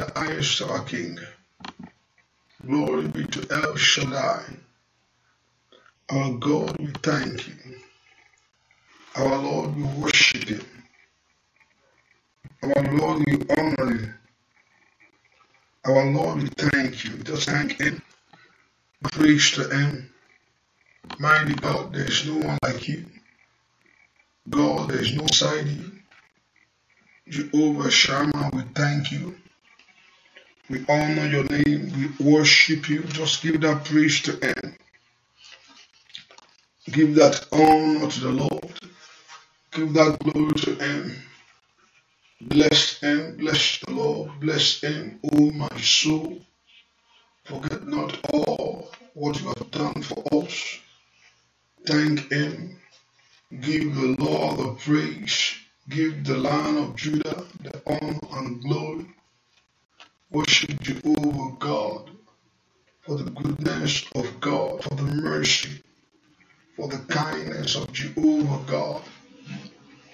the highest our King. Glory be to El Shaddai. Our God, we thank you. Our Lord, we worship him. Our Lord, we honor you. Our Lord, we thank you. Just thank him. Praise to him. Mighty God, there's no one like you. God, there's no side you. Jehovah Shammah, we thank you. We honor your name. We worship you. Just give that praise to Him. Give that honor to the Lord. Give that glory to Him. Bless Him. Bless the Lord. Bless Him, O my soul. Forget not all what you have done for us. Thank Him. Give the Lord the praise. Give the Lion of Judah the honor and glory. Worship Jehovah God for the goodness of God, for the mercy, for the kindness of Jehovah God.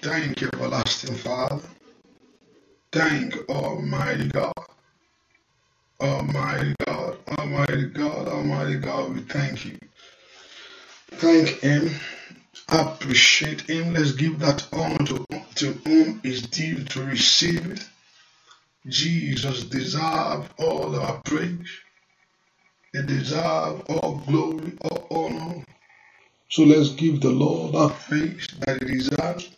Thank you, everlasting Father. Thank Almighty God. Almighty God, Almighty God, Almighty God, we thank you. Thank Him. Appreciate Him. Let's give that honor to, to whom is due to receive it. Jesus deserve all our praise. He deserve all glory, all honor. So let's give the Lord our praise that he deserves.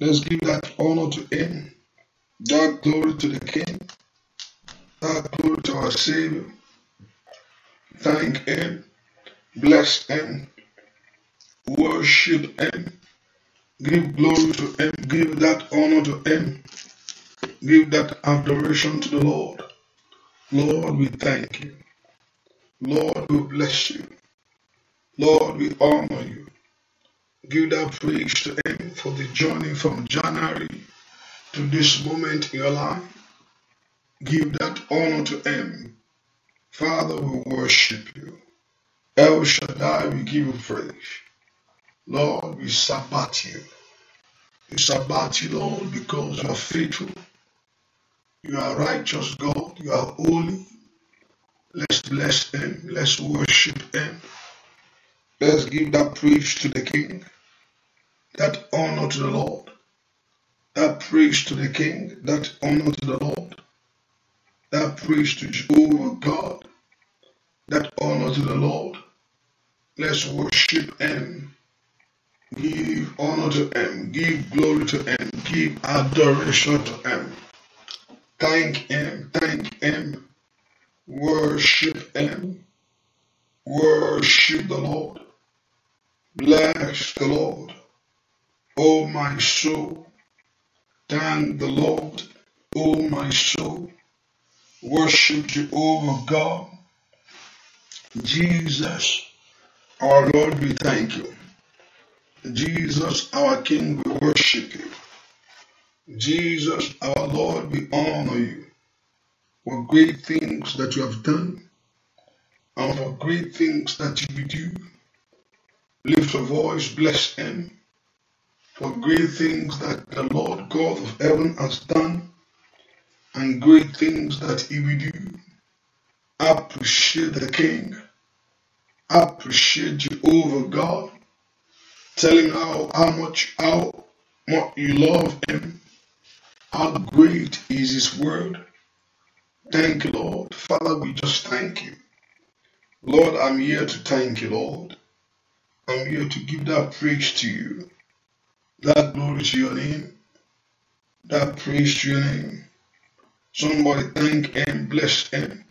Let's give that honor to him. That glory to the King. That glory to our Savior. Thank him. Bless him. Worship him. Give glory to him. Give that honor to him. Give that adoration to the Lord. Lord, we thank you. Lord, we bless you. Lord, we honor you. Give that praise to Him for the journey from January to this moment in your life. Give that honor to Him. Father, we worship you. El Shaddai, we give you praise. Lord, we sabbat you. We sabbat you, Lord, because you are faithful. You are righteous, God. You are holy. Let's bless Him. Let's worship Him. Let's give that praise to the King, that honor to the Lord, that praise to the King, that honor to the Lord, that praise to Jehovah God, that honor to the Lord. Let's worship Him. Give honor to Him. Give glory to Him. Give adoration to Him. Thank Him, thank Him, worship Him, worship the Lord, bless the Lord, O my soul, thank the Lord, O my soul, worship Jehovah God, Jesus, our Lord, we thank you. Jesus, our King, we worship you. Jesus, our Lord, we honor you for great things that you have done and for great things that you will do. Lift your voice, bless Him for great things that the Lord God of heaven has done and great things that He will do. Appreciate the King. Appreciate Jehovah God. Tell Him how, how much, how much you love Him how great is His word? Thank you, Lord. Father, we just thank you. Lord, I'm here to thank you, Lord. I'm here to give that praise to you, that glory to your name, that praise to your name. Somebody thank Him, bless Him,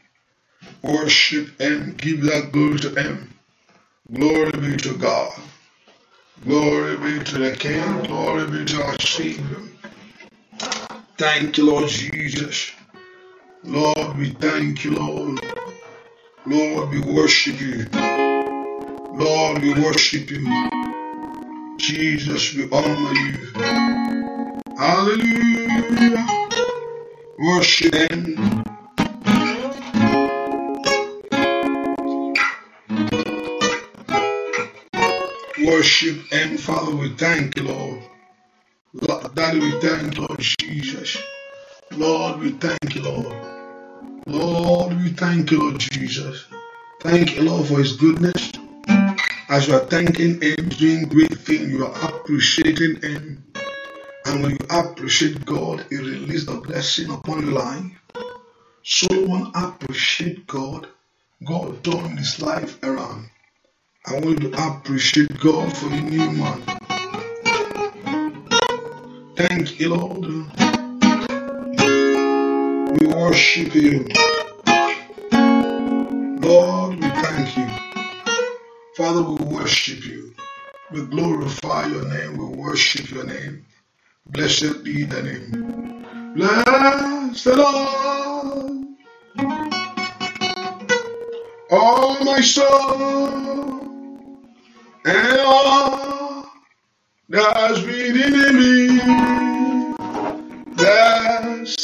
worship Him, give that glory to Him. Glory be to God. Glory be to the King. Glory be to our Savior. Thank you, Lord Jesus. Lord, we thank you, Lord. Lord, we worship you. Lord, we worship you. Jesus, we honor you. Hallelujah. Worship him. Worship him, Father. We thank you, Lord. Lord, Daddy, we thank you, Lord Jesus. Lord, we thank you, Lord. Lord, we thank you, Lord Jesus. Thank you, Lord, for His goodness. As you are thanking Him, doing great things, you are appreciating Him. And when you appreciate God, He releases the blessing upon your life. to appreciate God. God turned his life around. I want you to appreciate God for a new man. Thank you, Lord. We worship you. Lord, we thank you. Father, we worship you. We glorify your name. We worship your name. Blessed be the name. Bless the Lord. Oh, my soul. And all there's redeeming. There's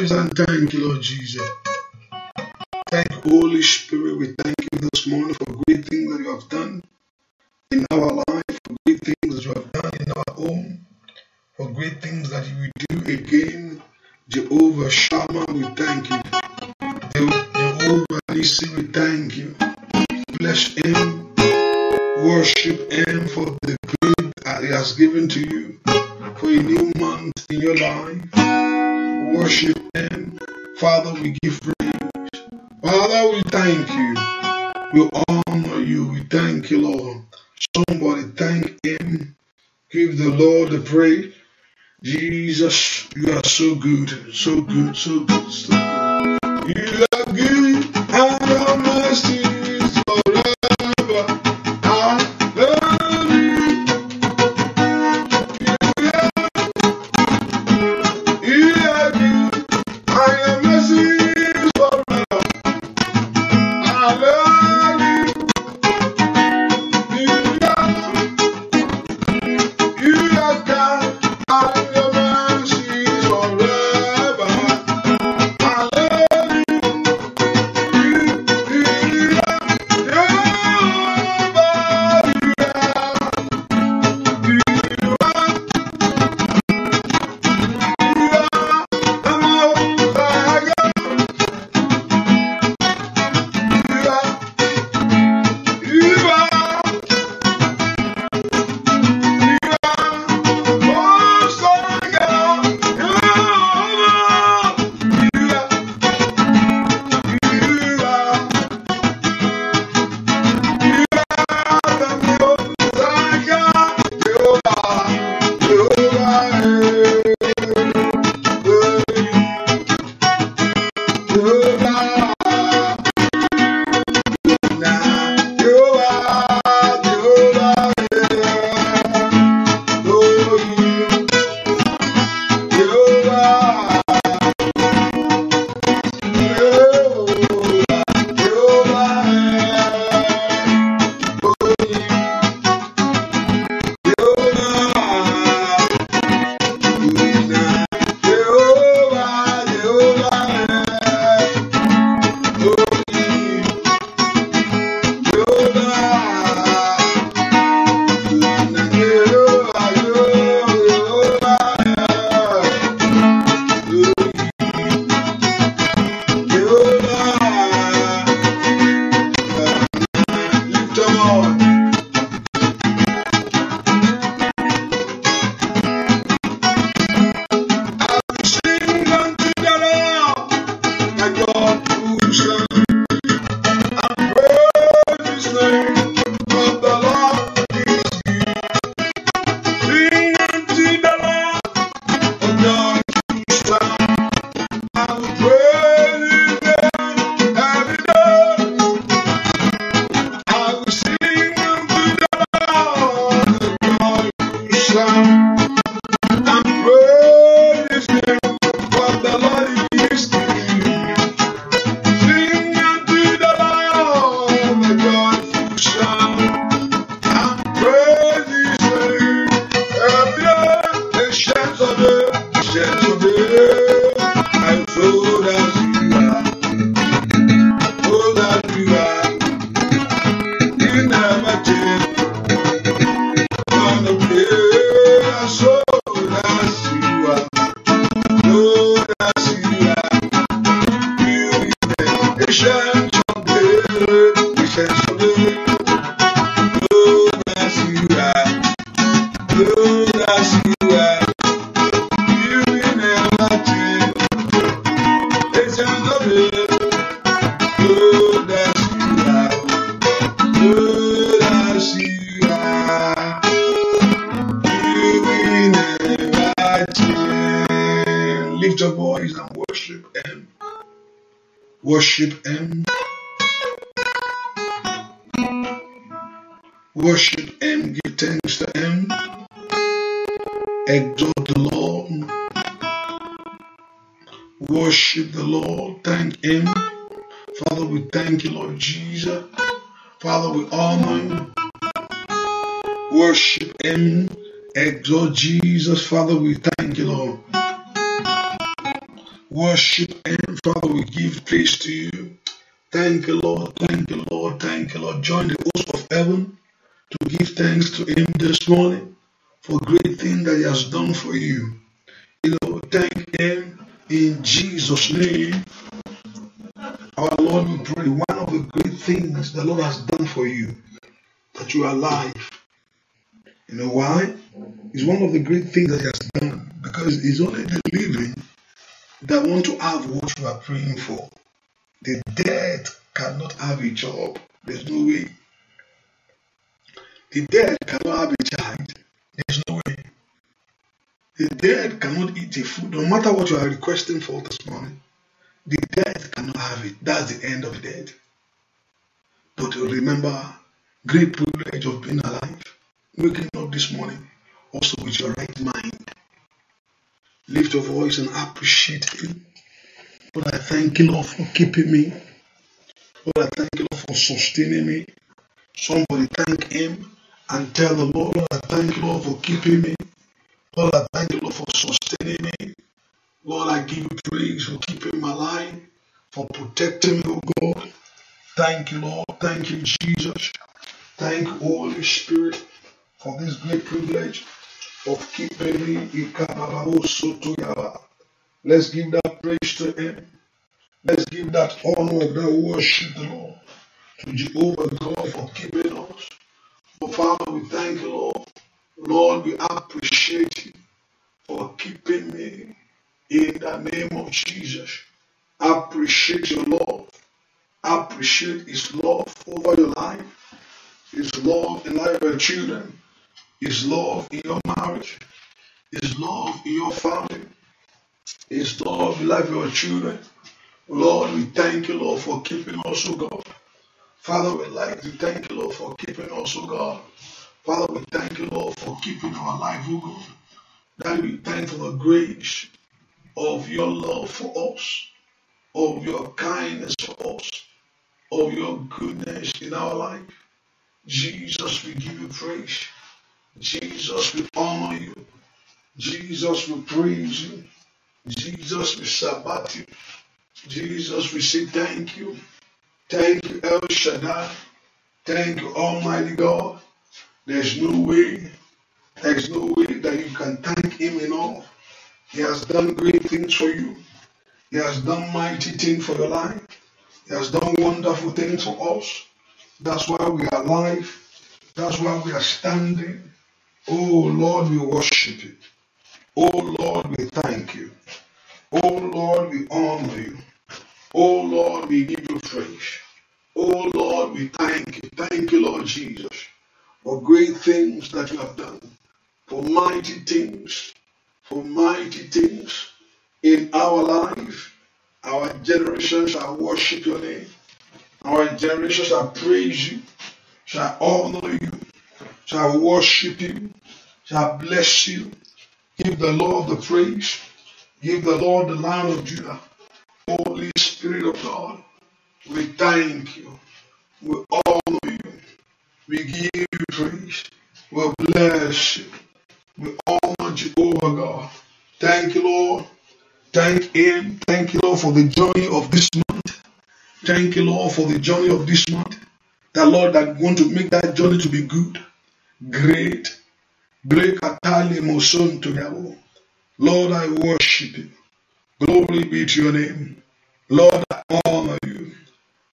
praise and thank you, Lord Jesus. Thank Holy Spirit. We thank you this morning for great things that you have done in our life, for great things that you have done in our home, for great things that you will do again. Jehovah Shammah, we thank you. Jehovah Nisi, we thank you. Bless him. Worship him for the good that he has given to you for a new month in your life worship Him. Father, we give praise. Father, we thank you. We honor you. We thank you, Lord. Somebody thank Him. Give the Lord the praise. Jesus, you are so good, so good, so good, so good. You Lord Jesus, Father, we thank you, Lord. Worship Him, Father, we give praise to you. Thank you, Lord. Thank you, Lord. Thank you, Lord. Join the host of heaven to give thanks to Him this morning for great thing that He has done for you. You know, thank Him in Jesus' name. Our Lord, we pray one of the great things the Lord has done for you that you are alive. You know why? It's one of the great things that he has done because it's only the living that want to have what you are praying for. The dead cannot have a job. There's no way. The dead cannot have a child. There's no way. The dead cannot eat a food, no matter what you are requesting for this morning. The dead cannot have it. That's the end of the dead. But remember, great privilege of being alive, waking up this morning, also with your right mind. Lift your voice and appreciate Him. Lord, I thank you, Lord, for keeping me. Lord, I thank you, Lord, for sustaining me. Somebody thank Him and tell the Lord, Lord, I thank you, Lord, for keeping me. Lord, I thank you, Lord, for sustaining me. Lord, I give you praise for keeping my life, for protecting me, oh God. Thank you, Lord. Thank you, Jesus. Thank you, Holy Spirit, for this great privilege. Of Let's give that praise to Him. Let's give that honor, that worship, Lord, to Jehovah God for keeping us. Oh, Father, we thank you, Lord. Lord, we appreciate you for keeping me in the name of Jesus. appreciate your love. appreciate His love over your life, His love in life of children. Is love in your marriage, Is love in your family, Is love in life of your children. Lord, we thank you, Lord, for keeping us, O God. Father, we like to thank you, Lord, for keeping us, O God. Father, we thank you, Lord, for keeping our life, O God. That we thank for the grace of your love for us, of your kindness for us, of your goodness in our life. Jesus, we give you praise. Jesus, we honor you. Jesus, we praise you. Jesus, we sabbat you. Jesus, we say thank you. Thank you, El Shaddai. Thank you, Almighty God. There's no way, there's no way that you can thank Him enough. He has done great things for you. He has done mighty things for your life. He has done wonderful things for us. That's why we are alive. That's why we are standing. Oh Lord, we worship you. Oh Lord, we thank you. Oh Lord, we honor you. Oh Lord, we give you praise. Oh Lord, we thank you. Thank you, Lord Jesus, for great things that you have done, for mighty things, for mighty things in our life. Our generations shall worship your name. Our generations shall praise you, shall honor you shall worship you, shall bless you. Give the Lord the praise. Give the Lord the land of Judah. Holy Spirit of God, we thank you. We honor you. We give you praise. We bless you. We honor you over God. Thank you, Lord. Thank Him. Thank you, Lord, for the journey of this month. Thank you, Lord, for the journey of this month. The Lord that want to make that journey to be good great. Lord, I worship you. Glory be to your name. Lord, I honor you.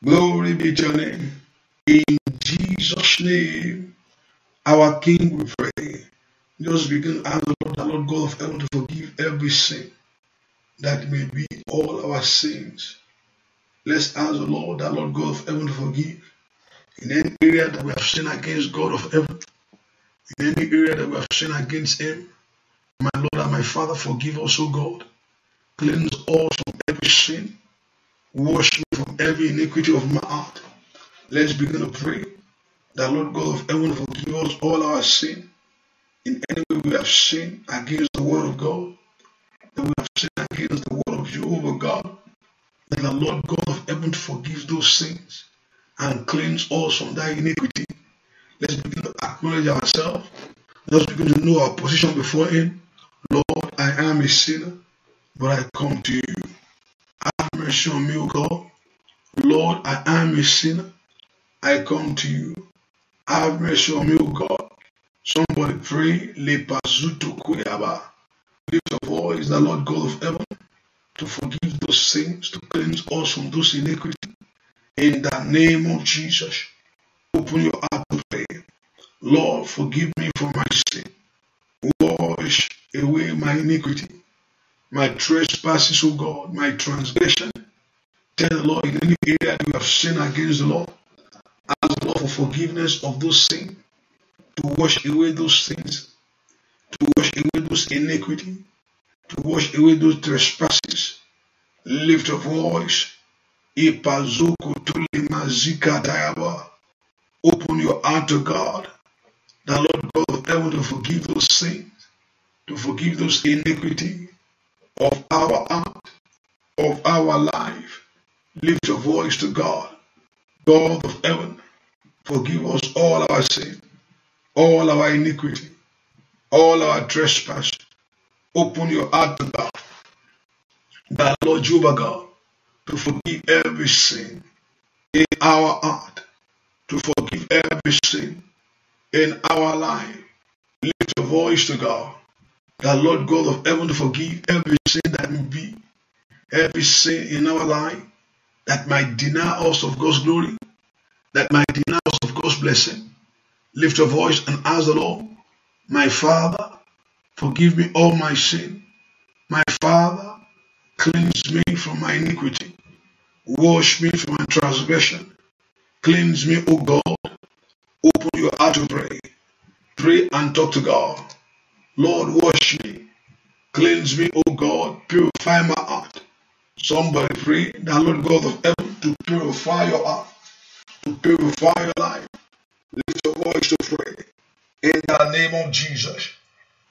Glory be to your name. In Jesus' name, our King, we pray. Just begin to ask the Lord, the Lord God of heaven, to forgive every sin that may be all our sins. Let's ask the Lord, the Lord God of heaven, to forgive in any area that we have sinned against God of heaven in any area that we have sinned against Him. My Lord and my Father, forgive us, O God. Cleanse us from every sin. Wash me from every iniquity of my heart. Let's begin to pray that Lord God of heaven forgive us all our sin in any way we have sinned against the Word of God, that we have sinned against the Word of Jehovah God. That the Lord God of heaven forgive those sins and cleanse us from that iniquity Let's begin to acknowledge ourselves. Let's begin to know our position before Him. Lord, I am a sinner, but I come to you. Have mercy on me, O God. Lord, I am a sinner. I come to you. Have mercy on me, O God. Somebody pray, Lepazuto Kuyaba. Lift your voice, the Lord God of heaven, to forgive those sins, to cleanse us from those iniquities In the name of Jesus, open your heart Lord, forgive me for my sin. Wash away my iniquity, my trespasses, O God, my transgression. Tell the Lord in any area you have sinned against the Lord. Ask the Lord for forgiveness of those sins, to wash away those sins, to wash away those iniquity, to wash away those trespasses. Lift your voice. Open your heart to God. That Lord God, of Heaven to forgive those sins, to forgive those iniquity of our heart, of our life. Lift your voice to God, God of heaven. Forgive us all our sin, all our iniquity, all our trespass. Open your heart to God, that Lord Jehovah God, to forgive every sin in our heart, to forgive every sin in our life. Lift your voice to God. The Lord God of heaven to forgive every sin that will be, every sin in our life that might deny us of God's glory, that might deny us of God's blessing. Lift your voice and ask the Lord, My Father, forgive me all my sin. My Father, cleanse me from my iniquity. Wash me from my transgression. Cleanse me, O God, Open your heart to pray. Pray and talk to God. Lord, wash me. Cleanse me, O God. Purify my heart. Somebody pray The Lord God of heaven to purify your heart, to purify your life. Lift your voice to pray. In the name of Jesus,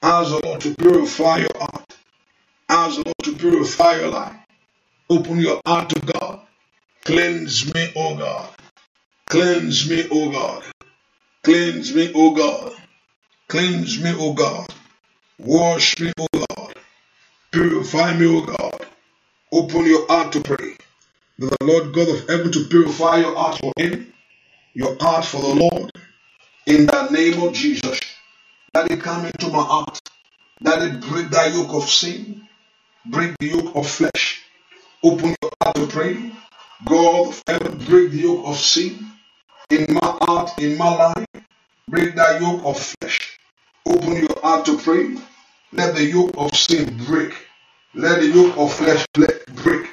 ask the Lord to purify your heart. Ask the Lord to purify your life. Open your heart to God. Cleanse me, O God. Cleanse me, O God. Cleanse me, O God. Cleanse me, O God. Wash me, O God. Purify me, O God. Open your heart to pray. That the Lord God of heaven to purify your heart for Him, your heart for the Lord. In the name of Jesus, that it come into my heart, that it break that yoke of sin, break the yoke of flesh. Open your heart to pray. God of heaven, break the yoke of sin in my heart, in my life Break that yoke of flesh. Open your heart to pray. Let the yoke of sin break. Let the yoke of flesh break.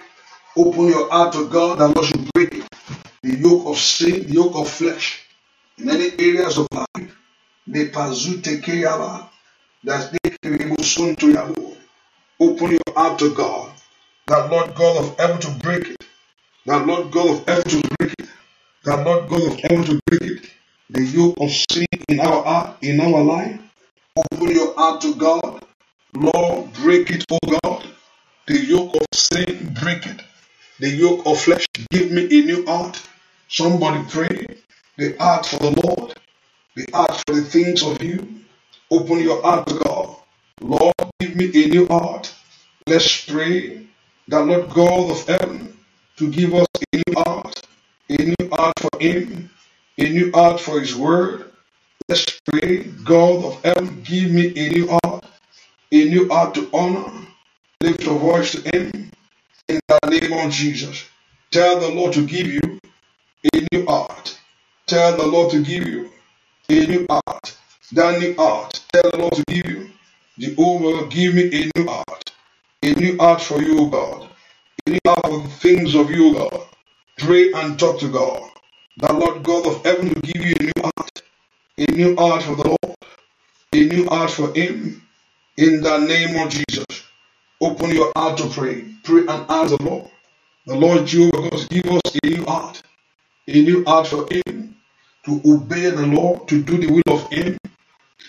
Open your heart to God and let you break it. The yoke of sin, the yoke of flesh. In many areas of life, they pursue be That's soon to Yahweh. Open your heart to God. That Lord God of heaven to break it. That Lord God of heaven to break it. That Lord God of heaven to break it the yoke of sin in our heart, in our life. Open your heart to God. Lord, break it, O oh God. The yoke of sin, break it. The yoke of flesh, give me a new heart. Somebody pray. The heart for the Lord. The heart for the things of you. Open your heart to God. Lord, give me a new heart. Let's pray that Lord God of heaven to give us a new heart, a new heart for Him, a new heart for His word. Let's pray, God of heaven, give me a new heart, a new heart to honor. Lift your voice to Him in the name of Jesus. Tell the Lord to give you a new heart. Tell the Lord to give you a new heart. That new heart. Tell the Lord to give you. over. give me a new heart. A new heart for you, God. A new heart for the things of you, God. Pray and talk to God. The Lord God of heaven will give you a new heart, a new heart for the Lord, a new heart for Him. In the name of Jesus, open your heart to pray. Pray and ask the Lord. The Lord Jehovah God give us a new heart, a new heart for Him, to obey the Lord, to do the will of Him.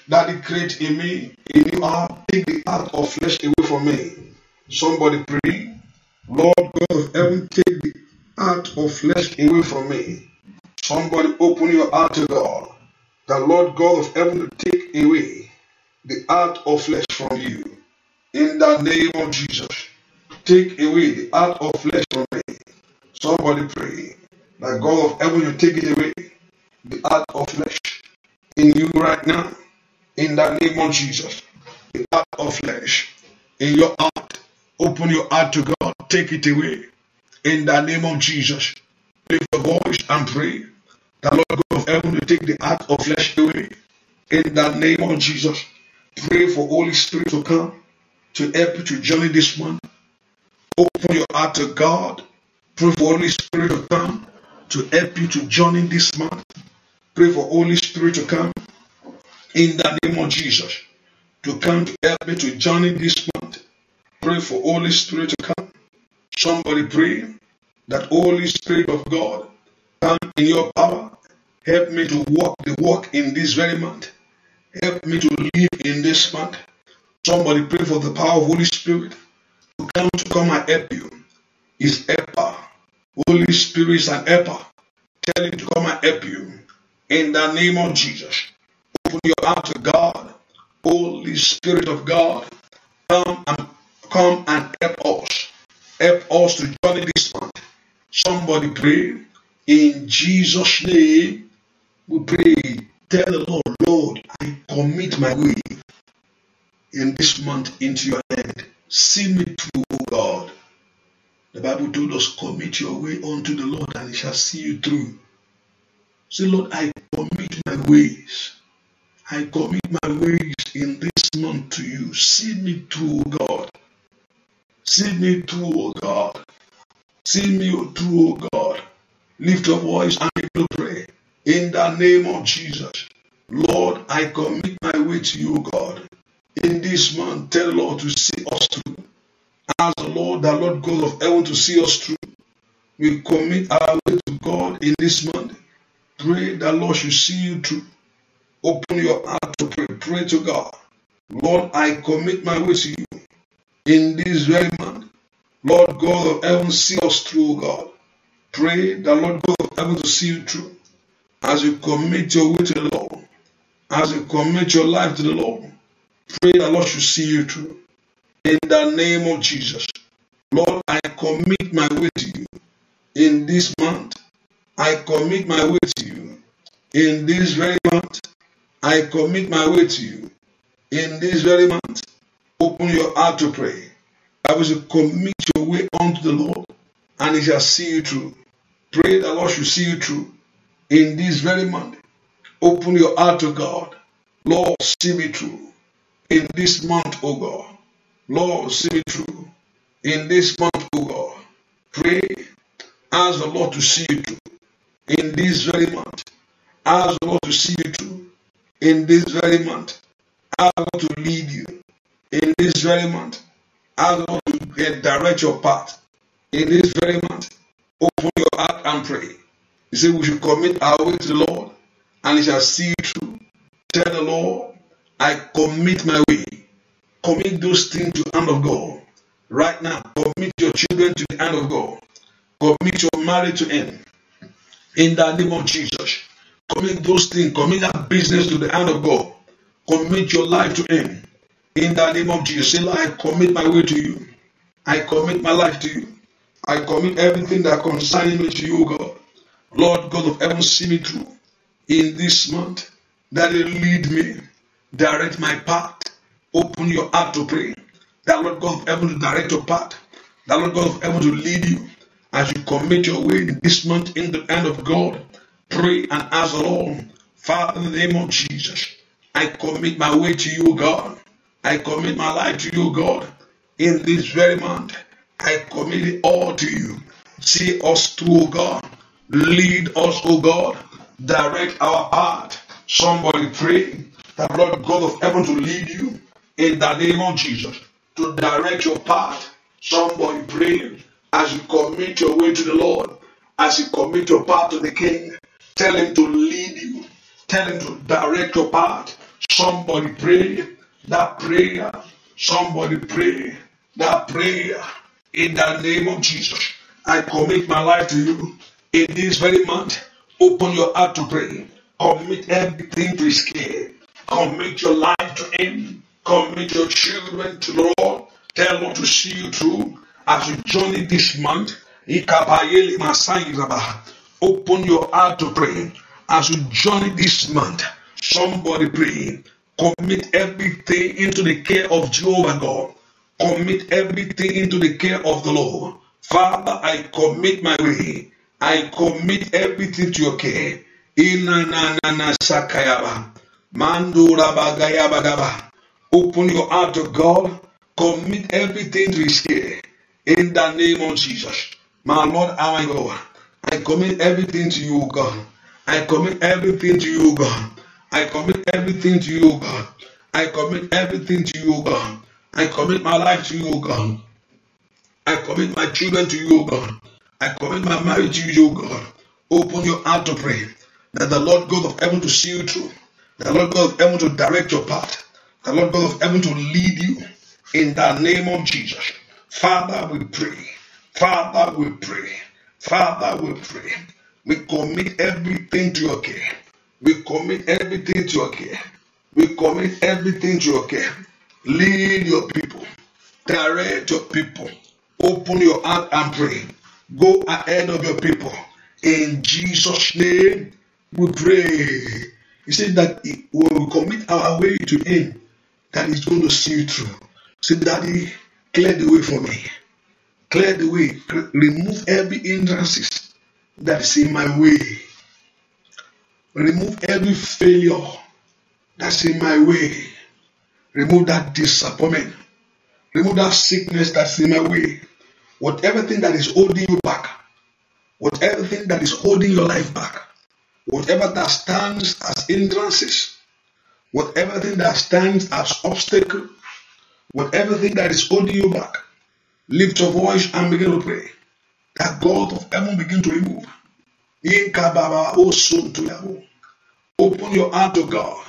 That He create in me a new heart. Take the heart of flesh away from me. Somebody pray. Lord God of heaven, take the heart of flesh away from me. Somebody open your heart to God. The Lord God of heaven to take away the heart of flesh from you. In the name of Jesus. Take away the heart of flesh from me. Somebody pray. The God of heaven, will take it away. The heart of flesh in you right now. In the name of Jesus. The heart of flesh in your heart. Open your heart to God. Take it away. In the name of Jesus. Lift your voice and pray. The Lord God of heaven will take the heart of flesh away. In the name of Jesus, pray for Holy Spirit to come to help you to journey this month. Open your heart to God. Pray for Holy Spirit to come to help you to journey this month. Pray for Holy Spirit to come in the name of Jesus to come to help me to journey this month. Pray for Holy Spirit to come. Somebody pray that Holy Spirit of God Come in your power. Help me to walk the walk in this very month. Help me to live in this month. Somebody pray for the power of Holy Spirit to come to come and help you. Is Epa, Holy Spirit is an Epa. Tell him to come and help you. In the name of Jesus. Open your heart to God. Holy Spirit of God. Come and come and help us. Help us to join this month. Somebody pray. In Jesus' name, we pray. Tell the Lord, Lord, I commit my way in this month into your hand. See me through, O God. The Bible told us, commit your way unto the Lord and he shall see you through. Say, Lord, I commit my ways. I commit my ways in this month to you. See me through, O God. See me through, O God. See me through, O God. Lift your voice and begin to pray. In the name of Jesus. Lord, I commit my way to you, God. In this month, tell Lord to see us through. As the Lord, the Lord God of heaven, to see us through. We commit our way to God in this month. Pray that Lord should see you through. Open your heart to pray. Pray to God. Lord, I commit my way to you in this very month. Lord God of heaven, see us through, God. Pray the Lord God of heaven to see you through as you commit your way to the Lord, as you commit your life to the Lord. Pray the Lord should see you through. In the name of Jesus, Lord, I commit my way to you in this month. I commit my way to you in this very month. I commit my way to you in this very month. Open your heart to pray. I will commit your way unto the Lord, and He shall see you through. Pray that Lord should see you through in this very month. Open your heart to God. Lord, see me through in this month, O God. Lord, see me through in this month, O God. Pray, ask the Lord to see you through in this very month. Ask the Lord to see you through in this very month. Ask the Lord to lead you in this very month. Ask the Lord to eh, direct your path in this very month. Open your heart and pray. He said, We should commit our way to the Lord, and He shall see you through. Tell the Lord, I commit my way. Commit those things to the hand of God. Right now, commit your children to the hand of God. Commit your marriage to Him. In the name of Jesus. Commit those things, commit that business to the hand of God. Commit your life to Him. In the name of Jesus. Say, I commit my way to you. I commit my life to you. I commit everything that concerns me to you, God. Lord God of heaven, see me through in this month. That you lead me, direct my path. Open your heart to pray. That Lord God of heaven to direct your path. That Lord God of heaven to lead you as you commit your way this month in the hand of God. Pray and ask the Lord, Father, in the name of Jesus, I commit my way to you, God. I commit my life to you, God, in this very month. I commit it all to you. See us through, God. Lead us, O God. Direct our path. Somebody pray that Lord God of heaven to lead you in the name of Jesus. To direct your path. Somebody pray as you commit your way to the Lord. As you commit your path to the King. Tell him to lead you. Tell him to direct your path. Somebody pray that prayer. Somebody pray that prayer. In the name of Jesus, I commit my life to you. In this very month, open your heart to pray. Commit everything to His care. Commit your life to Him. Commit your children to the Lord. Tell Him to see you through as you journey this month. Open your heart to pray. As you journey this month, somebody praying. Commit everything into the care of Jehovah God commit everything into the care of the Lord. Father, I commit my way. I commit everything to your care. Inanana sakayaba. Mandura bagayaba gaba. Open your heart to God. Commit everything to his care. In the name of Jesus. My Lord, our God. I commit everything to you, God. I commit everything to you, God. I commit everything to you, God. I commit everything to you, God. I commit my life to you, O God. I commit my children to you, O God. I commit my marriage to you, O God. Open your heart to pray that the Lord God of heaven to see you through, the Lord God of heaven to direct your path, the Lord God of heaven to lead you in the name of Jesus. Father, we pray. Father, we pray. Father, we pray. We commit everything to your care. We commit everything to your care. We commit everything to your care. Lead your people. Direct your people. Open your heart and pray. Go ahead of your people. In Jesus' name, we pray. He said that when we commit our way to Him, that He's going to see you through. Say, Daddy, clear the way for me. Clear the way. Remove every hindrances that is in my way. Remove every failure that's in my way. Remove that disappointment. Remove that sickness that's in my way. Whatever thing that is holding you back. Whatever thing that is holding your life back. Whatever that stands as hindrances. Whatever thing that stands as obstacle. Whatever thing that is holding you back. Lift your voice and begin to pray. That God of heaven begin to remove. Oh, oh. Open your heart to God.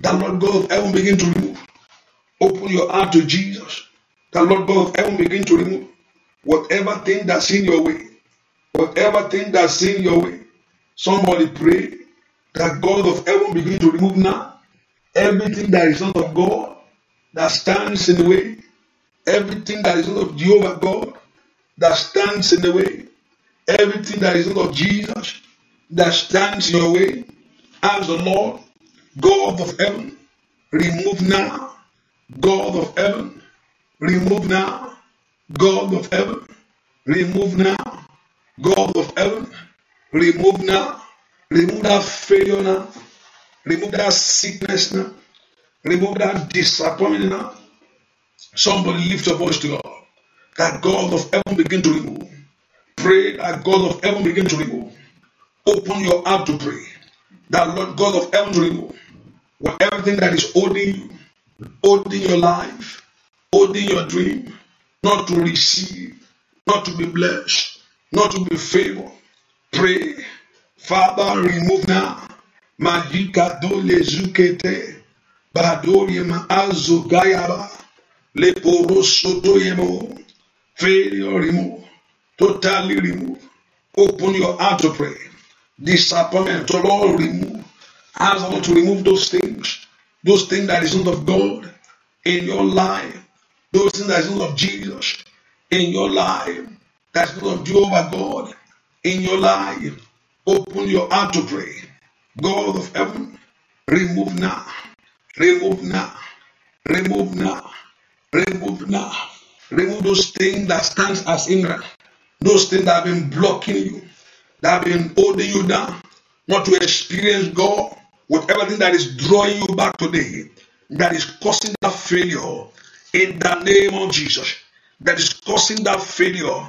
That Lord God of heaven begin to remove Open your heart to Jesus. The Lord God of heaven begin to remove whatever thing that's in your way. Whatever thing that's in your way. Somebody pray that God of heaven begin to remove now everything that is not of God that stands in the way. Everything that is not of Jehovah God that stands in the way. Everything that is not of Jesus that stands in your way. As the Lord, God of heaven, remove now God of heaven, remove now. God of heaven, remove now. God of heaven, remove now. Remove that failure now. Remove that sickness now. Remove that disappointment now. Somebody lift your voice to God. That God of heaven begin to remove. Pray that God of heaven begin to remove. Open your heart to pray. That Lord God of heaven to remove. What everything that is holding you, holding your life, holding your dream, not to receive, not to be blessed, not to be favored. Pray, Father, remove now. Majika dole zukete, badoye ma azugayaba, leporoso doyemo, failure remove, totally remove. Open your heart to pray. Disappointment, to Lord, remove. Ask Lord to remove those things those things that is not of God in your life, those things that is not of Jesus in your life, that's not of Jehovah God in your life. Open your heart to pray. God of heaven, remove now, remove now, remove now, remove now. Remove those things that stands as hindrance, those things that have been blocking you, that have been holding you down, not to experience God Whatever thing that is drawing you back today, that is causing that failure in the name of Jesus, that is causing that failure,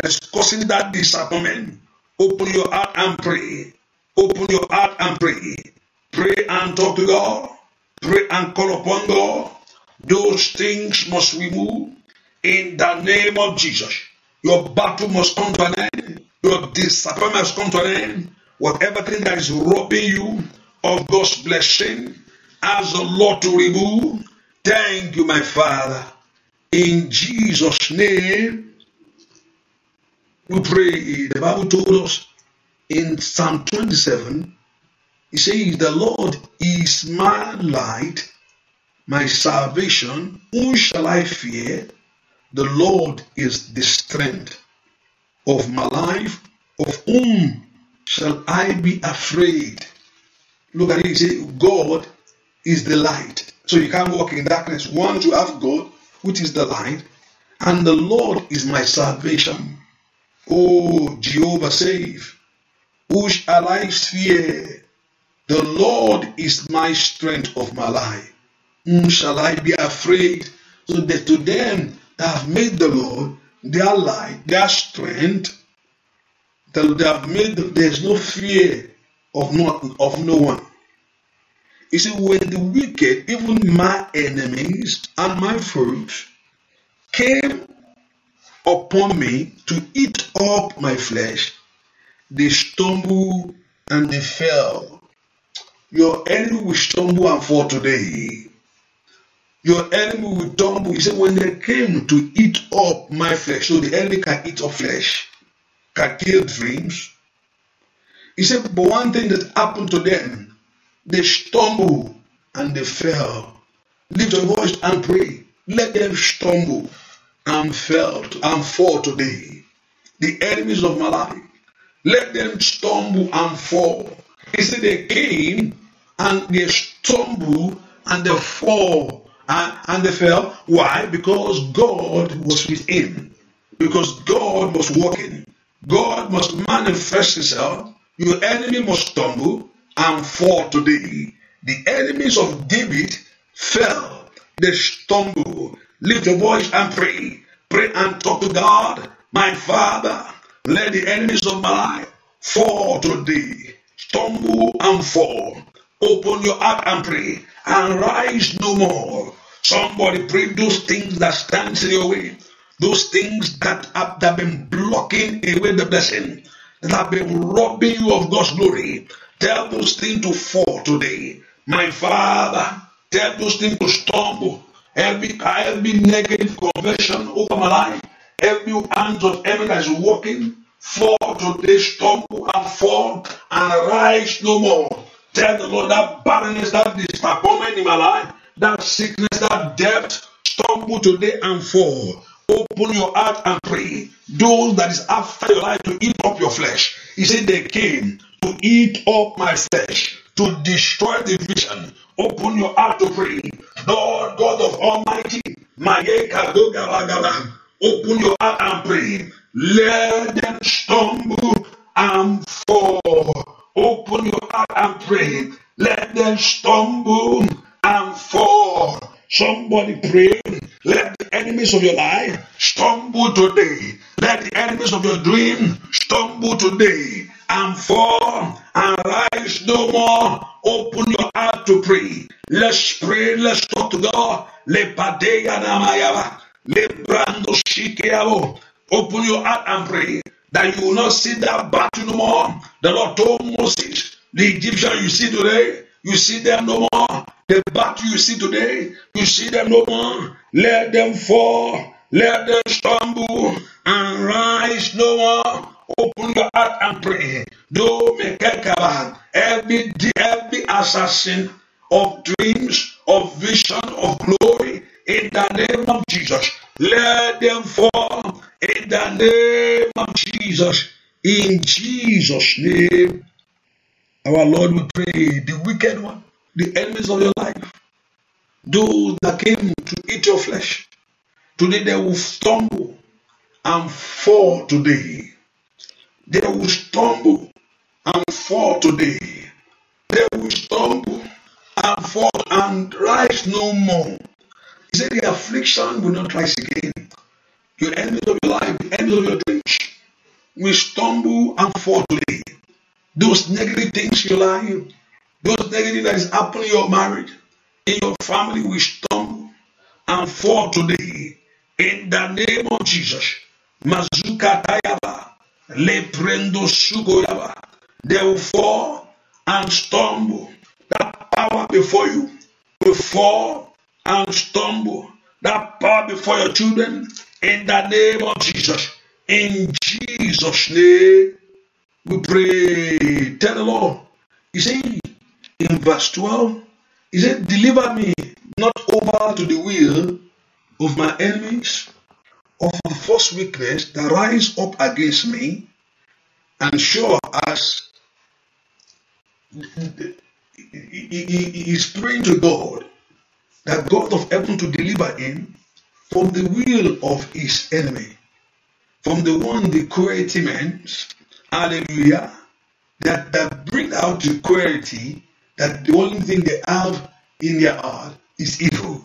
that is causing that disappointment. Open your heart and pray. Open your heart and pray. Pray and talk to God. Pray and call upon God. Those things must remove in the name of Jesus. Your battle must come to an end. Your disappointment must come to an end. Whatever thing that is robbing you of God's blessing. as the Lord to remove. Thank you, my Father. In Jesus' name, we pray. The Bible told us in Psalm 27, He says, The Lord is my light, my salvation. Whom shall I fear? The Lord is the strength of my life. Of whom shall I be afraid? look at it and say, God is the light. So you can't walk in darkness. Once you have God, which is the light, and the Lord is my salvation. Oh, Jehovah, save. Who shall I fear? The Lord is my strength of my life. Whom shall I be afraid? So that to them that have made the Lord their light, their strength, that they have made, there's no fear of not of no one. He said, when the wicked, even my enemies and my foes, came upon me to eat up my flesh, they stumbled and they fell. Your enemy will stumble and fall today. Your enemy will tumble. He said, when they came to eat up my flesh, so the enemy can eat up flesh, can kill dreams, He said, but one thing that happened to them, they stumble and they fell. Lift your voice and pray. Let them stumble and fell and fall today. The enemies of my life, let them stumble and fall. He said they came and they stumble and they fall and, and they fell. Why? Because God was with him. Because God was walking. God must manifest himself Your enemy must stumble and fall today. The enemies of David fell, they stumbled. Lift your voice and pray. Pray and talk to God. My Father, let the enemies of my life fall today. Stumble and fall. Open your heart and pray and rise no more. Somebody pray those things that stand in your way. Those things that have, that have been blocking away the blessing that have been robbing you of God's glory. Tell those things to fall today. My Father, tell those things to stumble. Every, every negative conversion over my life, every hand of heaven that is working, fall today, stumble and fall and rise no more. Tell the Lord that barrenness, that disappointment in my life, that sickness, that debt, stumble today and fall. Open your heart and pray. Those that is after your life to eat up your flesh. He said they came to eat up my flesh, to destroy the vision. Open your heart to pray. Lord God of Almighty, open your heart and pray. Let them stumble and fall. Open your heart and pray. Let them stumble and fall Somebody pray. Let the enemies of your life stumble today. Let the enemies of your dream stumble today and fall and rise no more. Open your heart to pray. Let's pray. Let's talk to God. Open your heart and pray that you will not see that battle no more. The Lord told Moses, the Egyptian you see today, You see them no more. The battle you see today, you see them no more. Let them fall. Let them stumble and rise no more. Open your heart and pray. Do make every every assassin of dreams, of vision, of glory, in the name of Jesus. Let them fall in the name of Jesus. In Jesus' name, Our Lord, we pray, the wicked one, the enemies of your life, those that came to eat your flesh, today they will stumble and fall today. They will stumble and fall today. They will stumble and fall and rise no more. He said, The affliction will not rise again. Your enemies of your life, the enemies of your dreams will stumble and fall today those negative things in your life, those negative that is happening in your marriage, in your family will stumble and fall today. In the name of Jesus. Mazuka Tayaba. Leprendo Sugoyaba. They will fall and stumble. That power before you will fall and stumble. That power before your children in the name of Jesus. In Jesus' name. We pray, tell the Lord. He said in verse 12, He said, Deliver me not over to the will of my enemies, of the false weakness that rise up against me, and sure as he is praying to God that God of heaven to deliver him from the will of his enemy, from the one they create him Hallelujah. That, that bring out the clarity that the only thing they have in their heart is evil.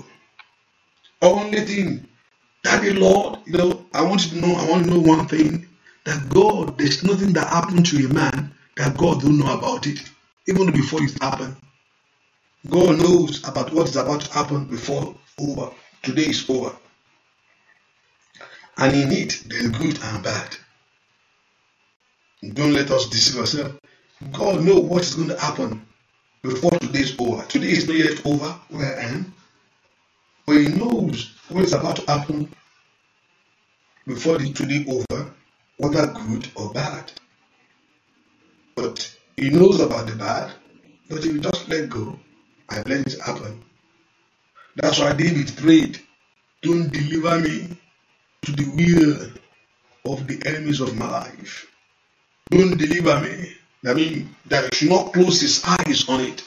Only thing that the Lord, you know, I want you to know, I want to know one thing that God, there's nothing that happened to a man that God don't know about it, even before it happened. God knows about what is about to happen before over. Today is over. And in it, there's good and bad. Don't let us deceive ourselves. God knows what is going to happen before today is over. Today is not yet over where I eh? am. But He knows what is about to happen before the today over, whether good or bad. But He knows about the bad, but if you just let go and let it happen. That's why David prayed, Don't deliver me to the will of the enemies of my life. Don't deliver me. I mean, that should not close his eyes on it.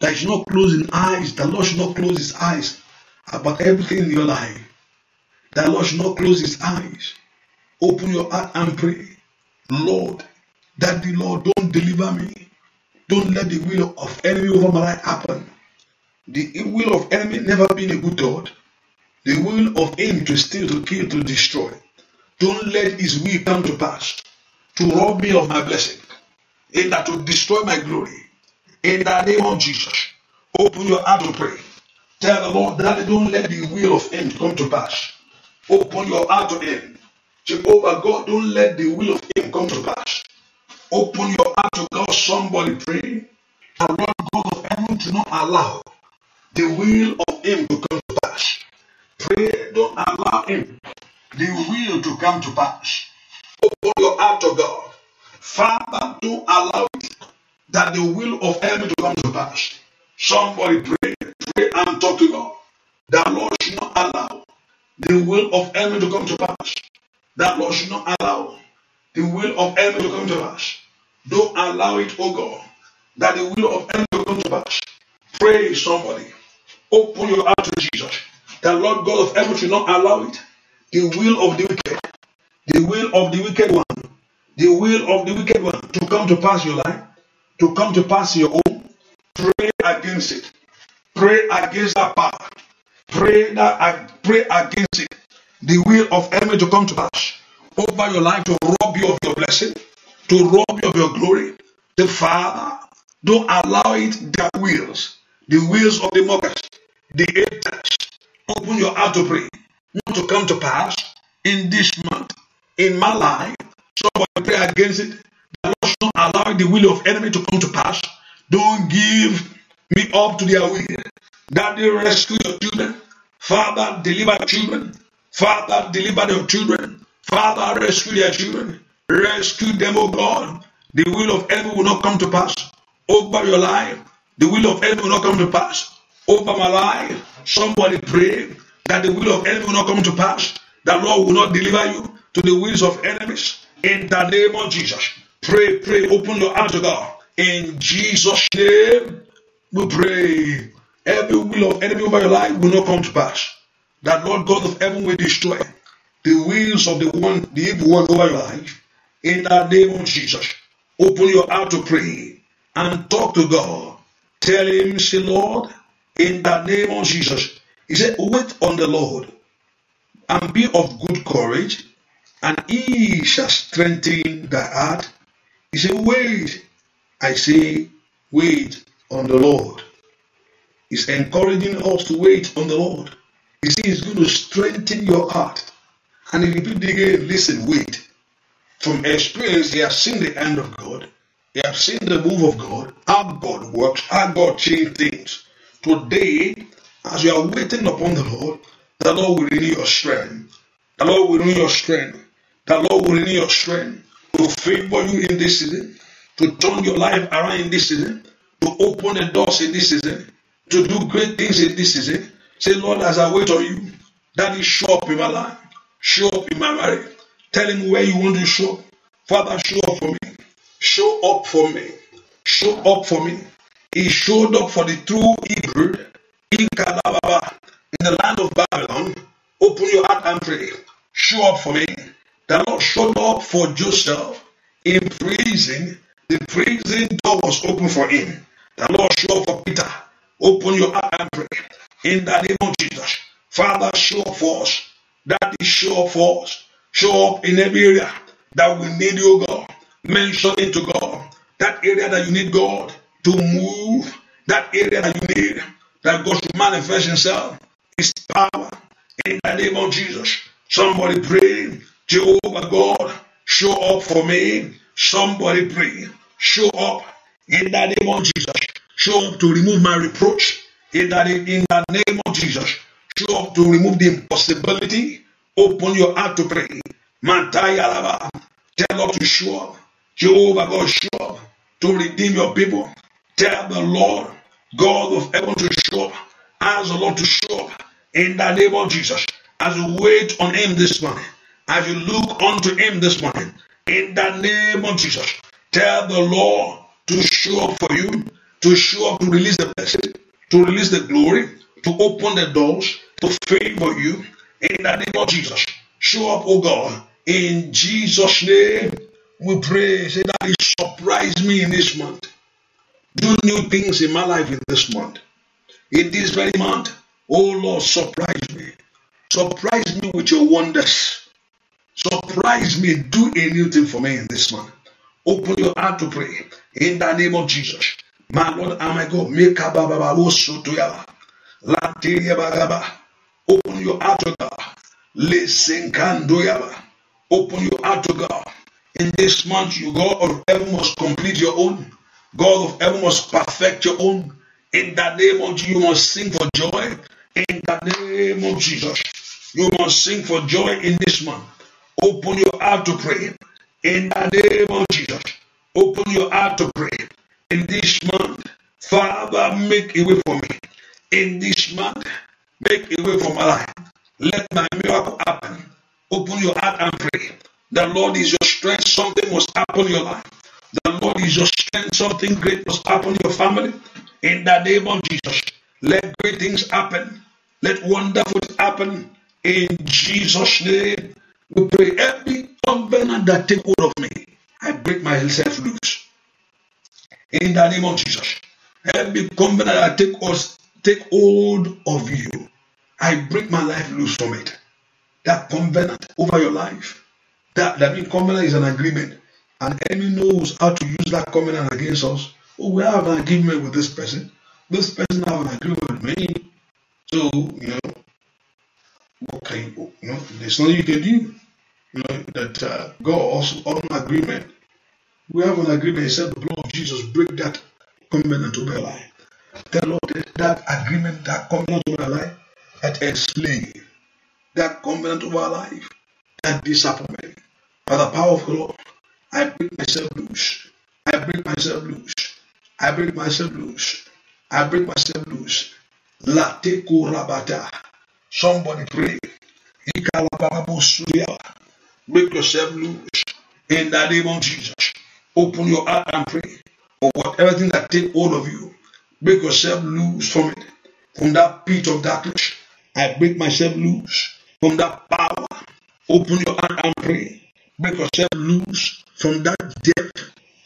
That should not close his eyes. The Lord should not close his eyes about everything in your life. The Lord should not close his eyes. Open your heart and pray. Lord, that the Lord, don't deliver me. Don't let the will of enemy over my life happen. The will of enemy never been a good thought. The will of him to steal, to kill, to destroy. Don't let his will come to pass to rob me of my blessing, in that to destroy my glory. In the name of Jesus, open your heart to pray. Tell the Lord that don't let the will of him come to pass. Open your heart to him. Jehovah God, don't let the will of him come to pass. Open your heart to God. Somebody pray. The Lord God of heaven do not allow the will of him to come to pass. Pray, don't allow him the will to come to pass. open your heart to God. Father, do allow it that the will of heaven to come to pass. Somebody pray, pray and talk to God. That Lord should not allow the will of heaven to come to pass. That Lord should not allow the will of heaven to come to pass. Don't allow it, oh God, that the will of heaven to come to pass. Pray somebody. Open your heart to Jesus. The Lord God of heaven should not allow it. The will of the wicked the will of the wicked one, the will of the wicked one to come to pass your life, to come to pass your own. Pray against it. Pray against that power. Pray that uh, pray against it. The will of enemy to come to pass over your life to rob you of your blessing, to rob you of your glory. The Father, don't allow it. Their wills, the wills of the mockers, the haters. Open your heart to pray, not to come to pass in this month in my life. Somebody pray against it. The Lord should not allow the will of enemy to come to pass. Don't give me up to their will. Daddy, rescue your children. Father, deliver children. Father, deliver your children. Father, rescue their children. Rescue them, O oh God. The will of enemy will not come to pass. Over your life, the will of enemy will not come to pass. Over my life, somebody pray that the will of enemy will not come to pass. That Lord will not deliver you to the wheels of enemies in the name of Jesus. Pray, pray, open your heart to God. In Jesus' name, we pray. Every will of enemy over your life will not come to pass. That Lord God of heaven will destroy the wheels of the one, the evil one over your life. In the name of Jesus, open your heart to pray and talk to God. Tell Him, say, Lord, in the name of Jesus. He said, wait on the Lord and be of good courage and he shall strengthen thy heart. He said, Wait, I say, wait on the Lord. He's encouraging us to wait on the Lord. He says he's going to strengthen your heart. And he the again, listen, wait. From experience, he has seen the hand of God. He has seen the move of God, how God works, how God changes things. Today, as you are waiting upon the Lord, the Lord will renew your strength. The Lord will renew your strength. The Lord will renew your strength to favor you in this season, to turn your life around in this season, to open the doors in this season, to do great things in this season. Say, Lord, as I wait on you, that is show up in my life, show up in my marriage. Tell him where you want to show up. Father, show up for me. Show up for me. Show up for me. He showed up for the true Hebrew in Kalababa, in the land of Babylon. Open your heart and pray. Show up for me. the Lord showed up for Joseph in prison. The prison door was open for him. The Lord showed up for Peter. Open your heart and pray. In the name of Jesus. Father, show up for us. That is show up for us. Show up in every area that we need you, God. Mention it to God. That area that you need God to move. That area that you need. That God should manifest himself. His power. In the name of Jesus. Somebody pray. Jehovah God, show up for me. Somebody pray. Show up in the name of Jesus. Show up to remove my reproach in the, in the name of Jesus. Show up to remove the impossibility. Open your heart to pray. Mantayalaba. Tell Lord to show up. Jehovah God, show up to redeem your people. Tell the Lord, God of heaven, to show up. Ask the Lord to show up in the name of Jesus. As we wait on Him this morning as you look unto him this morning, in the name of Jesus, tell the Lord to show up for you, to show up to release the blessing, to release the glory, to open the doors, to favor you, in the name of Jesus. Show up, oh God, in Jesus' name. We pray, say that He surprised me in this month. Do new things in my life in this month. In this very month, oh Lord, surprise me. Surprise me with your wonders. Surprise me, do a new thing for me in this month. Open your heart to pray in the name of Jesus. My Lord and my God, make Open your heart to God. Listen, can do Open your heart to God. In this month, you God of heaven must complete your own. God of heaven must perfect your own. In the name of Jesus, you must sing for joy. In the name of Jesus, you must sing for joy in this month. Open your heart to pray. In the name of Jesus, open your heart to pray. In this month, Father, make a way for me. In this month, make a way for my life. Let my miracle happen. Open your heart and pray. The Lord is your strength. Something must happen in your life. The Lord is your strength. Something great must happen in your family. In the name of Jesus, let great things happen. Let wonderful happen. In Jesus' name, we pray every covenant that take hold of me, I break myself loose. In the name of Jesus, every covenant that take us take hold of you, I break my life loose from it. That covenant over your life, that that mean covenant is an agreement, and enemy knows how to use that covenant against us. Oh, we have an agreement with this person. This person have an agreement with me. So you know, what can you, you know? There's nothing you can do. you know, that uh, God also on agreement. We have an agreement. He said, the blood of Jesus break that covenant over your life. Tell Lord that, that agreement, that covenant over your life, that enslave, that covenant of our life, that disappointment. By the power of the Lord, I break myself loose. I break myself loose. I break myself loose. I break myself loose. Late kurabata. Somebody pray. Ikalabarabo suriala break yourself loose in the name of Jesus. Open your heart and pray for whatever thing that take hold of you. Break yourself loose from it, from that pit of darkness. I break myself loose from that power. Open your heart and pray. Break yourself loose from that death,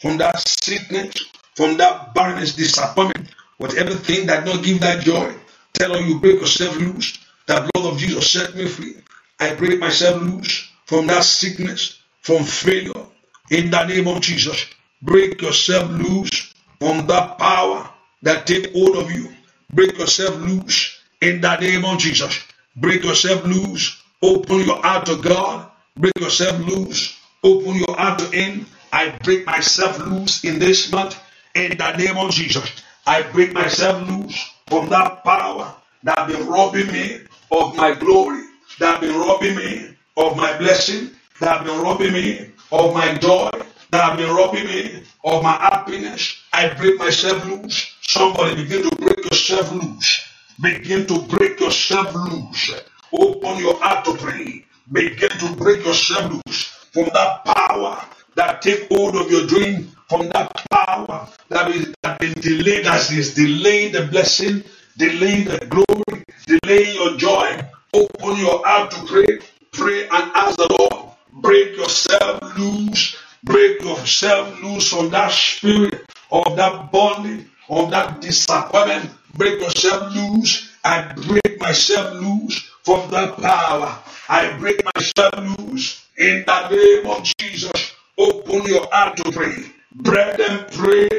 from that sickness, from that barrenness, disappointment, whatever thing that not give that joy. Tell her you break yourself loose. That blood of Jesus set me free. I break myself loose from that sickness, from failure. In the name of Jesus, break yourself loose from that power that take hold of you. Break yourself loose in the name of Jesus. Break yourself loose. Open your heart to God. Break yourself loose. Open your heart to Him. I break myself loose in this month in the name of Jesus. I break myself loose from that power that been robbing me of my glory, that been robbing me of my blessing that have been robbing me of my joy, that have been robbing me of my happiness. I break myself loose. Somebody begin to break yourself loose. Begin to break yourself loose. Open your heart to pray. Begin to break yourself loose from that power that take hold of your dream, from that power that is that been delayed, that is delaying the blessing, delaying the glory, delaying your joy. Open your heart to pray. Pray and ask the Lord, break yourself loose, break yourself loose from that spirit, of that bondage, of that disappointment. Break yourself loose. I break myself loose from that power. I break myself loose in the name of Jesus. Open your heart to pray. Brethren, pray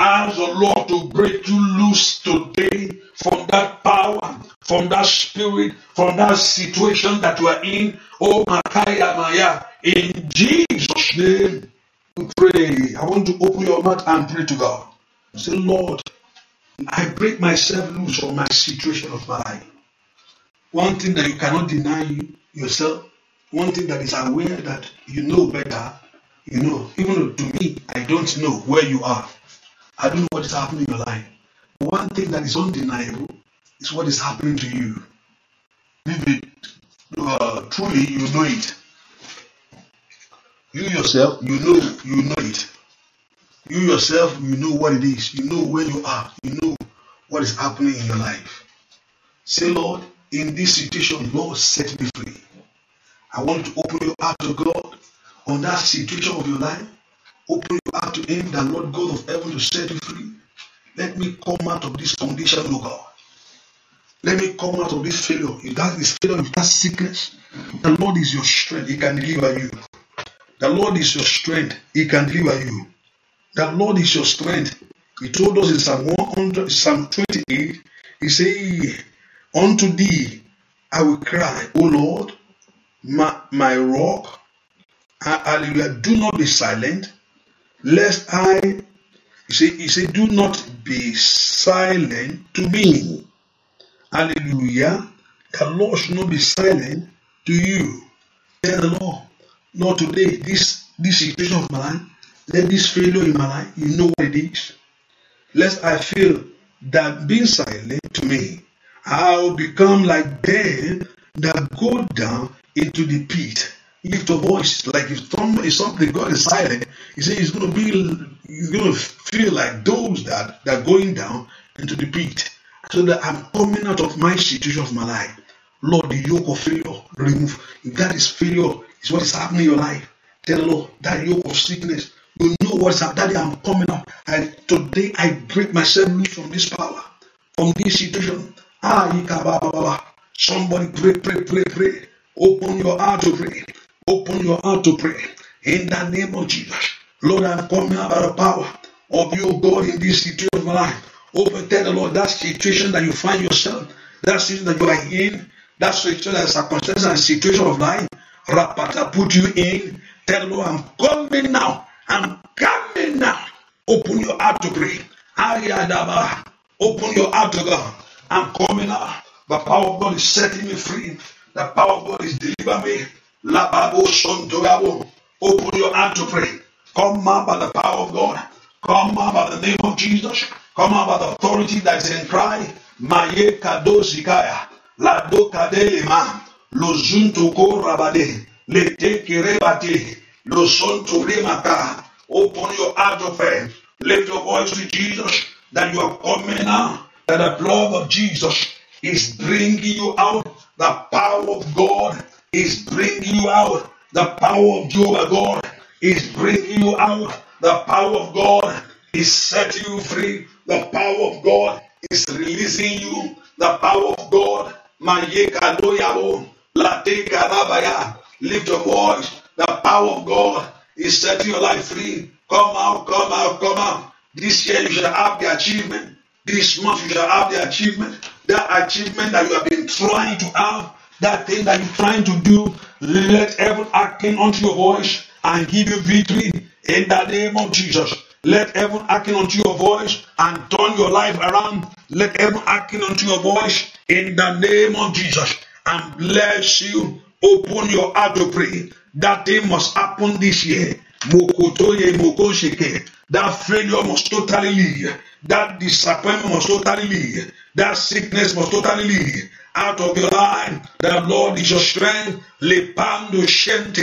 Ask the Lord to break you loose today from that power, from that spirit, from that situation that you are in. Oh, Makaya Maya. In Jesus' name, we pray. I want to open your mouth and pray to God. Say, Lord, I break myself loose from my situation of my life. One thing that you cannot deny yourself, one thing that is aware that you know better, you know, even to me, I don't know where you are. I don't know what is happening in your life. But one thing that is undeniable is what is happening to you. Maybe uh, truly you know it. You yourself, you know, you know it. You yourself, you know what it is. You know where you are. You know what is happening in your life. Say, Lord, in this situation, Lord, set me free. I want to open your heart to God on that situation of your life Open your heart to Him, the Lord God of heaven, to set you free. Let me come out of this condition, O God. Let me come out of this failure. If that is failure, if that's sickness, the Lord is your strength. He can deliver you. The Lord is your strength. He can deliver you. The Lord is your strength. He told us in Psalm 100, Psalm 28, He said, Unto thee I will cry, O Lord, my, my rock. Hallelujah. Do not be silent. lest I, he said, he said, do not be silent to me. Hallelujah. The Lord should not be silent to you. Tell the Lord, Lord, today, this, this situation of my life, let this failure in my life, you know what it is. Lest I feel that being silent to me, I'll become like them that go down into the pit lift your voice like if some is something God is silent, He says it's gonna be you're gonna feel like those that that are going down into the pit. So that I'm coming out of my situation of my life. Lord, the yoke of failure, remove. If that is failure, is what is happening in your life. Tell Lord that yoke of sickness. You know what's up. Daddy, I'm coming up. And today I break myself loose from this power, from this situation. Ah, Somebody pray, pray, pray, pray. Open your heart to pray. Open your heart to pray in the name of Jesus. Lord, I'm coming out by the power of your God in this situation of my life. tell the Lord that situation that you find yourself, that situation that you are in, that situation, that circumstance and situation of life. Rapata put you in. Tell the Lord, I'm coming now. I'm coming now. Open your heart to pray. Ariadaba. Open your heart to God. I'm coming now. The power of God is setting me free. The power of God is delivering me. Open your heart to pray. Come up by the power of God. Come up by the name of Jesus. Come up by the authority that is in Christ. Maye kadozikaya. Lado kadelema. Lozunto korabade. Lete kirebate. Lozonto remata. Open your heart to pray. Lift your voice to Jesus that you are coming now. That the blood of Jesus is bringing you out. The power of God is bringing you out. The power of Jehovah God is bringing you out. The power of God is setting you free. The power of God is releasing you. The power of God. Lift your voice. The power of God is setting your life free. Come out, come out, come out. This year you shall have the achievement. This month you shall have the achievement. The achievement that you have been trying to have that thing that you're trying to do, let heaven hearken unto your voice and give you victory in the name of Jesus. Let heaven hearken unto your voice and turn your life around. Let heaven hearken unto your voice in the name of Jesus and bless you. Open your heart to pray. That thing must happen this year. Mokotoye mokosheke. That failure must totally leave. That disappointment must totally leave. That sickness must totally leave out of your life. The Lord is your strength. Le pan de shente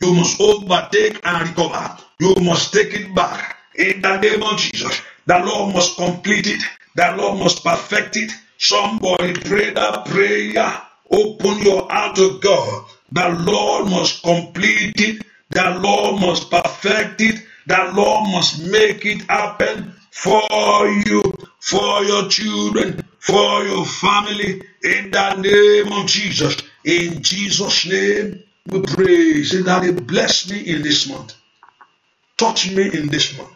You must overtake and recover. You must take it back. In the name of Jesus, the Lord must complete it. The Lord must perfect it. Somebody pray that prayer. Open your heart to God. The Lord must complete it. The Lord must perfect it. The Lord must make it happen for you, for your children, for your family in the name of Jesus. In Jesus' name, we pray. Say that He bless me in this month. Touch me in this month.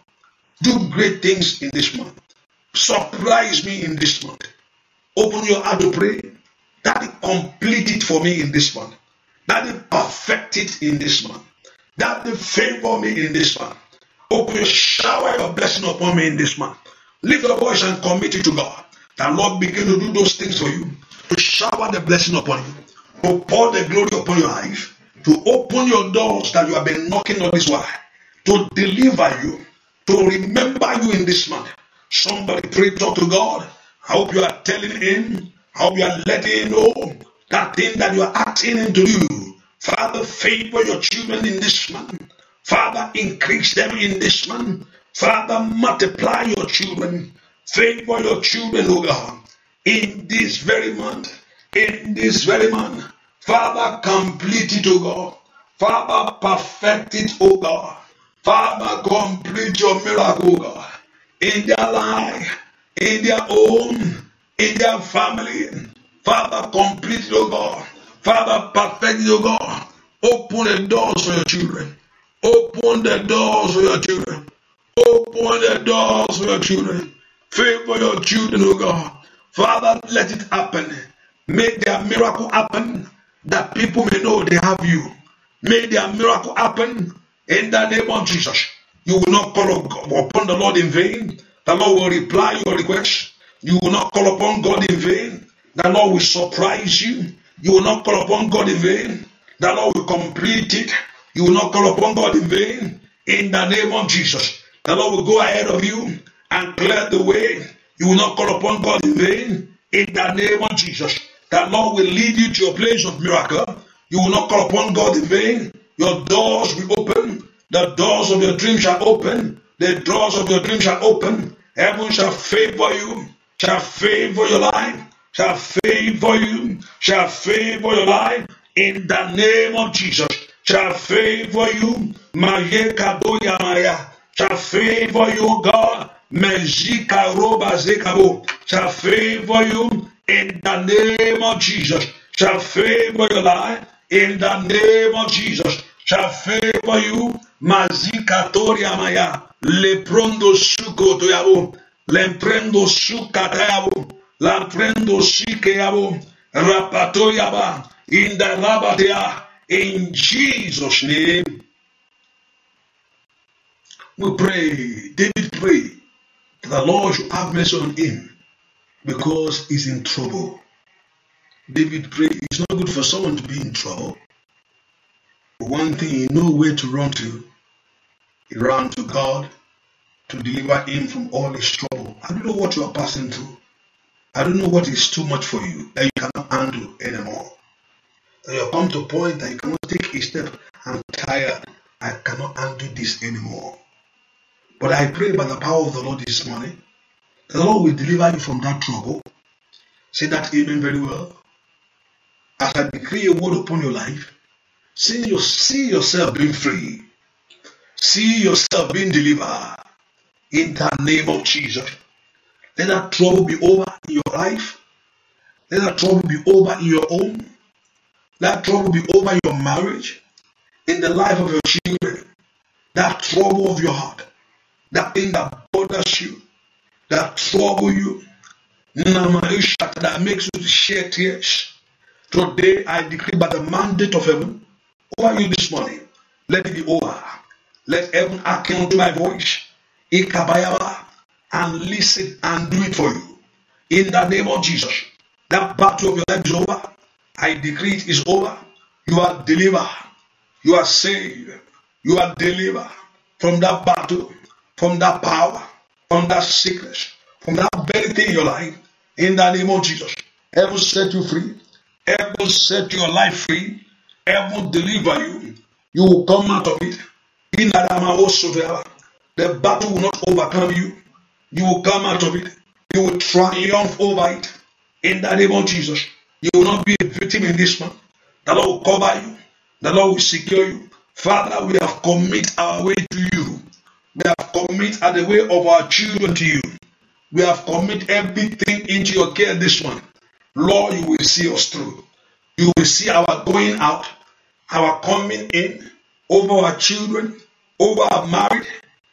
Do great things in this month. Surprise me in this month. Open your heart to pray. That it complete it for me in this month. That it perfect it in this month. That it favor me in this month. Open your shower your blessing upon me in this month. Lift your voice and commit it to God. The Lord begin to do those things for you, to shower the blessing upon you, to pour the glory upon your life, to open your doors that you have been knocking on this while, to deliver you, to remember you in this month. Somebody pray, talk to God. I hope you are telling Him, I hope you are letting Him know that thing that you are asking Him to do. Father, favor your children in this month. Father, increase them in this month. Father, multiply your children. Favor your children, O God, in this very month, in this very month. Father, complete it, O God. Father, perfect it, O God. Father, complete your miracle, O God, in their life, in their own, in their family. Father, complete it, O God. Father, perfect it, O God. Open the doors for your children. Open the doors for your children. Open the doors for your children. Favor your children, oh God. Father, let it happen. Make their miracle happen that people may know they have you. May their miracle happen in the name of Jesus. You will not call upon the Lord in vain. The Lord will reply your request. You will not call upon God in vain. The Lord will surprise you. You will not call upon God in vain. The Lord will complete it. You will not call upon God in vain. In the name of Jesus, the Lord will go ahead of you. and clear the way. You will not call upon God in vain. In the name of Jesus, the Lord will lead you to a place of miracle. You will not call upon God in vain. Your doors will open. The doors of your dreams shall open. The doors of your dreams shall open. Heaven shall favor you, shall favor your life, shall favor you, shall favor your life. In the name of Jesus, shall favor you. Shall favor you, God Oh, shall favor you in the name of Jesus. Shall favor your life in the name of Jesus. Shall favor you. Mazikatoria maya. Leprondo suko to yabo. Lemprendo sukata yabo. Oh. Lamprendo sike oh. yabo. Rapato yaba. In the rabatea. In Jesus' name. We pray. David pray. the Lord should have mercy on him because he's in trouble. David prayed, It's not good for someone to be in trouble. But one thing he knew where to run to, he ran to God to deliver him from all his trouble. I don't know what you are passing through. I don't know what is too much for you that you cannot handle anymore. That you have come to a point that you cannot take a step. I'm tired. I cannot handle this anymore. But I pray by the power of the Lord this morning, the Lord will deliver you from that trouble. Say that amen very well. As I decree a word upon your life, see, your, see yourself being free. See yourself being delivered. In the name of Jesus. Let that trouble be over in your life. Let that trouble be over in your home. Let trouble be over your marriage. In the life of your children. That trouble of your heart that thing that bothers you, that trouble you, that makes you shed tears. Today I decree by the mandate of heaven over you this morning. Let it be over. Let heaven hearken to my voice. Ikabayaba and listen and do it for you. In the name of Jesus. That battle of your life is over. I decree it is over. You are delivered. You are saved. You are delivered from that battle from that power, from that sickness, from that very thing in your life. In the name of Jesus, heaven set you free. Heaven set your life free. Heaven deliver you. You will come out of it. In the the battle will not overcome you. You will come out of it. You will triumph over it. In the name of Jesus, you will not be a victim in this one. The Lord will cover you. The Lord will secure you. Father, we have committed our way to you. We have committed at the way of our children to you. We have committed everything into your care this one. Lord, you will see us through. You will see our going out, our coming in, over our children, over our marriage,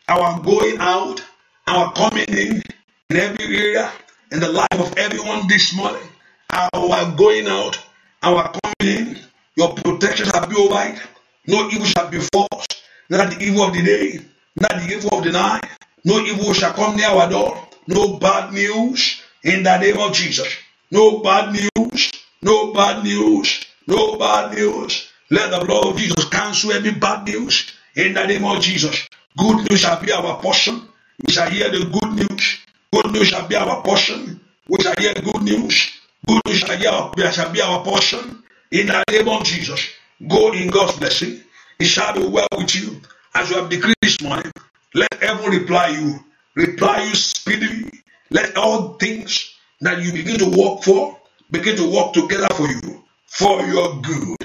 our going out, our coming in, in every area, in the life of everyone this morning. Our going out, our coming in, your protection shall be over it. No evil shall befall us, not the evil of the day not the evil of the night. No evil shall come near our door. No bad news in the name of Jesus. No bad news. No bad news. No bad news. Let the blood of Jesus cancel every bad news in the name of Jesus. Good news shall be our portion. We shall hear the good news. Good news shall be our portion. We shall hear good news. Good news shall be our, shall be our portion in the name of Jesus. Go in God's blessing. It shall be well with you as you have decreed morning. Let heaven reply you, reply you speedily. Let all things that you begin to work for begin to work together for you, for your good.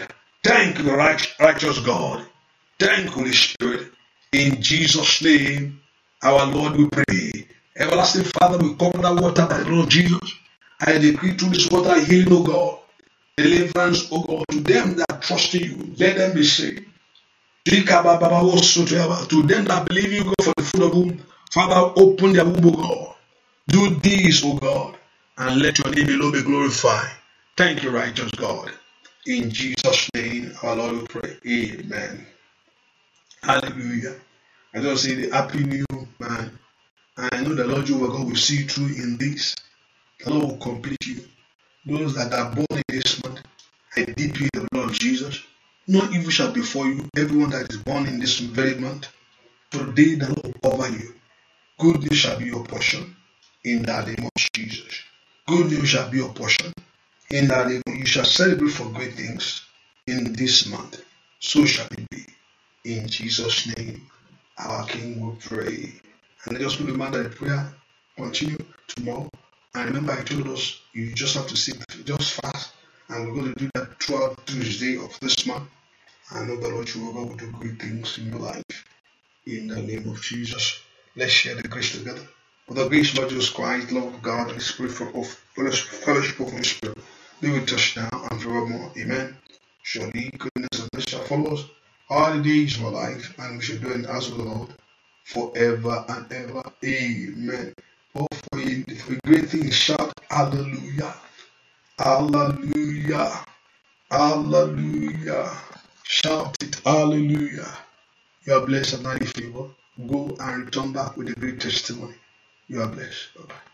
Thank you, righteous God. Thank you, Holy Spirit. In Jesus' name, our Lord, we pray. Everlasting Father, we cover that water by the Lord Jesus. I decree through this water healing, O God, deliverance, O God, to them that trust in you. Let them be saved. To them that believe you, go for the food of whom, Father, open their womb, O God. Do this, O God, and let your name alone be glorified. Thank you, righteous God. In Jesus' name, our Lord, we pray. Amen. Hallelujah. I just say the happy new man. I know the Lord your God will see you through in this. The Lord will complete you. Those that are born in this month, I deep you in the blood of Jesus. No evil shall befall you. Everyone that is born in this very month, today the Lord will cover you. Good news shall be your portion in the name of Jesus. Good news shall be your portion in the name. of You shall celebrate for great things in this month. So shall it be. In Jesus' name, our King will pray. And let us remember that prayer continue tomorrow. And remember, I told us you just have to sit, just fast And we're going to do that throughout Tuesday of this month. I know the Lord Jehovah will do great things in your life. In the name of Jesus, let's share the grace together. For the grace of Jesus Christ, love of God, and Spirit of fellowship of the Spirit, live with us now and forevermore. Amen. Surely goodness and mercy shall follow us all the days of our life, and we shall do in as the Lord forever and ever. Amen. Oh, for, for great things, shout hallelujah. Hallelujah. Hallelujah. Shout it. Hallelujah. You are blessed, Almighty favor. Go and return back with a great testimony. You are blessed. Bye bye.